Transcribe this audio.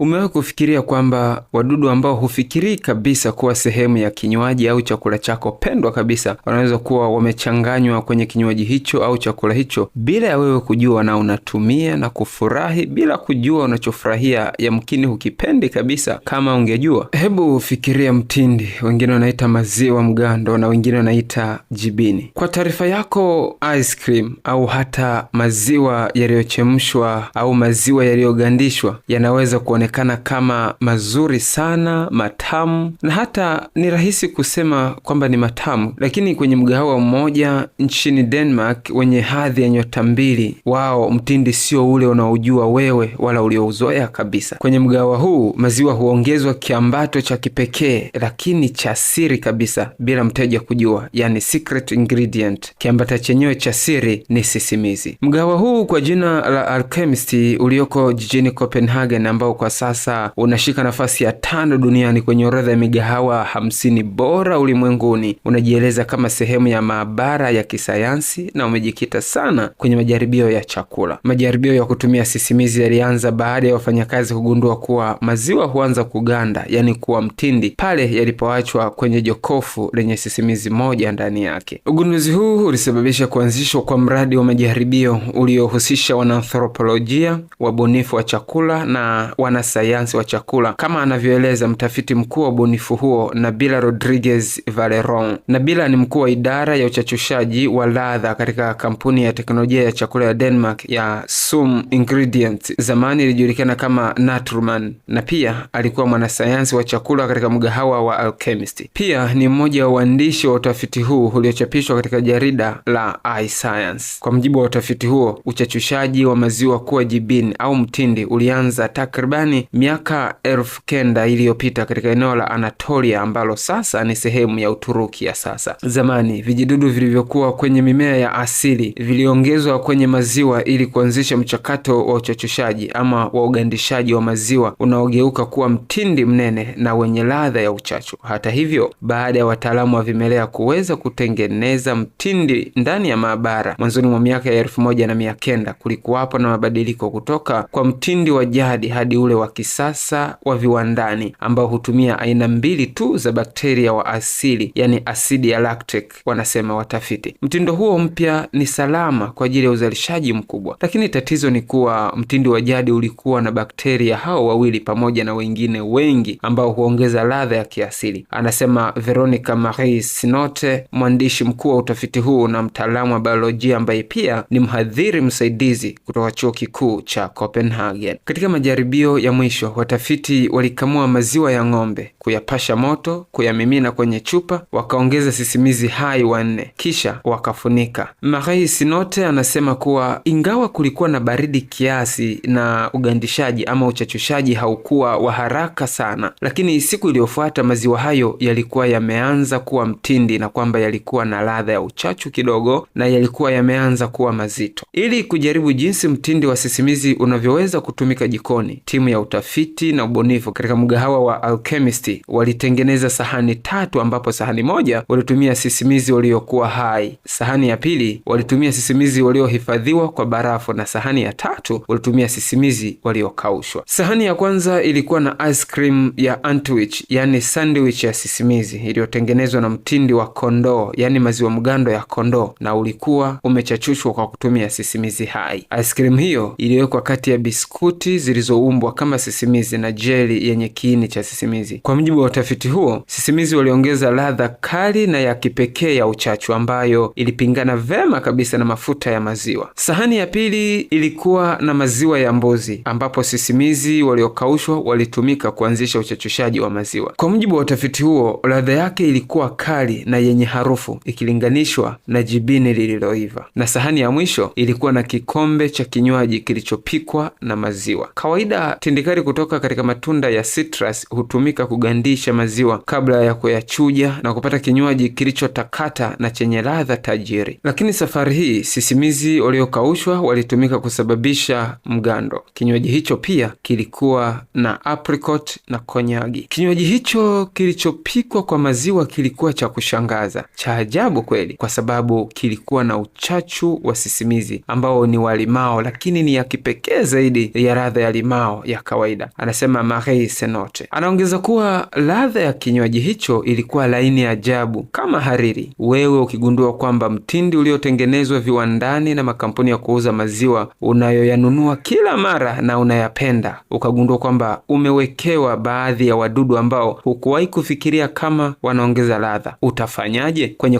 Umewahi kufikiria kwamba wadudu ambao hufikirii kabisa kuwa sehemu ya kinywaji au chakula chako pendwa kabisa wanaweza kuwa wamechanganywa kwenye kinywaji hicho au chakula hicho bila ya wewe kujua, na unatumia na kufurahi bila kujua unachofurahia, yamkini hukipendi kabisa kama ungejua. Hebu fikiria mtindi, wengine wanaita maziwa mgando na wengine wanaita jibini. Kwa taarifa yako, ice cream au hata maziwa yaliyochemshwa au maziwa yaliyogandishwa yanaweza kuone yanaonekana kama mazuri sana, matamu na hata ni rahisi kusema kwamba ni matamu, lakini kwenye mgahawa mmoja nchini Denmark wenye hadhi ya nyota mbili, wao mtindi sio ule unaojua wewe wala uliouzoea kabisa. Kwenye mgahawa huu maziwa huongezwa kiambato cha kipekee, lakini cha siri kabisa, bila mteja kujua, yani secret ingredient. Kiambata chenyewe cha siri ni sisimizi. Mgahawa huu kwa jina la Alchemist ulioko jijini Copenhagen ambao kwa sasa unashika nafasi ya tano duniani kwenye orodha ya migahawa hamsini bora ulimwenguni. Unajieleza kama sehemu ya maabara ya kisayansi na umejikita sana kwenye majaribio ya chakula. Majaribio ya kutumia sisimizi yalianza baada ya wafanyakazi kugundua kuwa maziwa huanza kuganda, yani kuwa mtindi, pale yalipoachwa kwenye jokofu lenye sisimizi moja ndani yake. Ugunduzi huu ulisababisha kuanzishwa kwa mradi wa majaribio uliohusisha wanaanthropolojia, wabunifu wa chakula na wana sayansi wa chakula, kama anavyoeleza mtafiti mkuu wa ubunifu huo Nabila Rodriguez Valeron. Nabila ni mkuu wa idara ya uchachushaji wa ladha katika kampuni ya teknolojia ya chakula ya Denmark ya Sum Ingredients, zamani ilijulikana kama Natruman, na pia alikuwa mwanasayansi wa chakula katika mgahawa wa Alchemist. Pia ni mmoja wa waandishi wa utafiti huu uliochapishwa katika jarida la iScience. Kwa mujibu wa utafiti huo, uchachushaji wa maziwa kuwa jibini au mtindi ulianza takriban Marekani miaka elfu kenda iliyopita katika eneo la Anatolia ambalo sasa ni sehemu ya Uturuki ya sasa. Zamani vijidudu vilivyokuwa kwenye mimea ya asili viliongezwa kwenye maziwa ili kuanzisha mchakato wa uchachushaji ama wa ugandishaji wa maziwa unaogeuka kuwa mtindi mnene na wenye ladha ya uchachu. Hata hivyo, baada ya wataalamu wa vimelea kuweza kutengeneza mtindi ndani ya maabara mwanzoni mwa miaka ya elfu moja na mia kenda kulikuwapo na mabadiliko kutoka kwa mtindi wa jadi hadi ule wa kisasa wa viwandani ambao hutumia aina mbili tu za bakteria wa asili, yani asidi ya lactic, wanasema watafiti. Mtindo huo mpya ni salama kwa ajili ya uzalishaji mkubwa, lakini tatizo ni kuwa mtindo wa jadi ulikuwa na bakteria hao wawili pamoja na wengine wengi ambao huongeza ladha ya kiasili, anasema Veronica Marie Sinote, mwandishi mkuu wa utafiti huu na mtaalamu wa biolojia ambaye pia ni mhadhiri msaidizi kutoka chuo kikuu cha Copenhagen. Katika majaribio ya ya mwisho, watafiti walikamua maziwa ya ng'ombe, kuyapasha moto, kuyamimina kwenye chupa, wakaongeza sisimizi hai wanne, kisha wakafunika. Marie Sinote anasema kuwa ingawa kulikuwa na baridi kiasi na ugandishaji ama uchachushaji haukuwa wa haraka sana, lakini siku iliyofuata maziwa hayo yalikuwa yameanza kuwa mtindi na kwamba yalikuwa na ladha ya uchachu kidogo na yalikuwa yameanza kuwa mazito. Ili kujaribu jinsi mtindi wa sisimizi unavyoweza kutumika jikoni, timu ya utafiti na ubunifu katika mgahawa wa Alchemist. Walitengeneza sahani tatu, ambapo sahani moja walitumia sisimizi waliokuwa hai, sahani ya pili walitumia sisimizi waliohifadhiwa kwa barafu, na sahani ya tatu walitumia sisimizi waliokaushwa. Sahani ya kwanza ilikuwa na ice cream ya antwich, yani sandwich ya sisimizi iliyotengenezwa na mtindi wa kondoo, yani maziwa mgando ya kondoo, na ulikuwa umechachushwa kwa kutumia sisimizi hai. Ice cream hiyo iliwekwa kati ya biskuti zilizoumbwa kama kama sisimizi na jeli yenye kiini cha sisimizi. Kwa mujibu wa utafiti huo, sisimizi waliongeza ladha kali na ya kipekee ya uchachu ambayo ilipingana vema kabisa na mafuta ya maziwa. Sahani ya pili ilikuwa na maziwa ya mbuzi, ambapo sisimizi waliokaushwa walitumika kuanzisha uchachushaji wa maziwa. Kwa mujibu wa utafiti huo, ladha yake ilikuwa kali na yenye harufu ikilinganishwa na jibini lililoiva. Na sahani ya mwisho ilikuwa na kikombe cha kinywaji kilichopikwa na maziwa kawaida tende Kemikali kutoka katika matunda ya citrus hutumika kugandisha maziwa kabla ya kuyachuja na kupata kinywaji kilichotakata na chenye ladha tajiri. Lakini safari hii sisimizi waliokaushwa walitumika kusababisha mgando. Kinywaji hicho pia kilikuwa na apricot na konyagi. Kinywaji hicho kilichopikwa kwa maziwa kilikuwa cha kushangaza, cha ajabu kweli, kwa sababu kilikuwa na uchachu wa sisimizi ambao ni walimao lakini ni ya kipekee zaidi ya ladha ya limao ya kawaida, anasema Marie Senote. Anaongeza kuwa ladha ya kinywaji hicho ilikuwa laini ajabu kama hariri. Wewe ukigundua kwamba mtindi uliotengenezwa viwandani na makampuni ya kuuza maziwa unayoyanunua kila mara na unayapenda, ukagundua kwamba umewekewa baadhi ya wadudu ambao hukuwahi kufikiria kama wanaongeza ladha, utafanyaje? Kwenye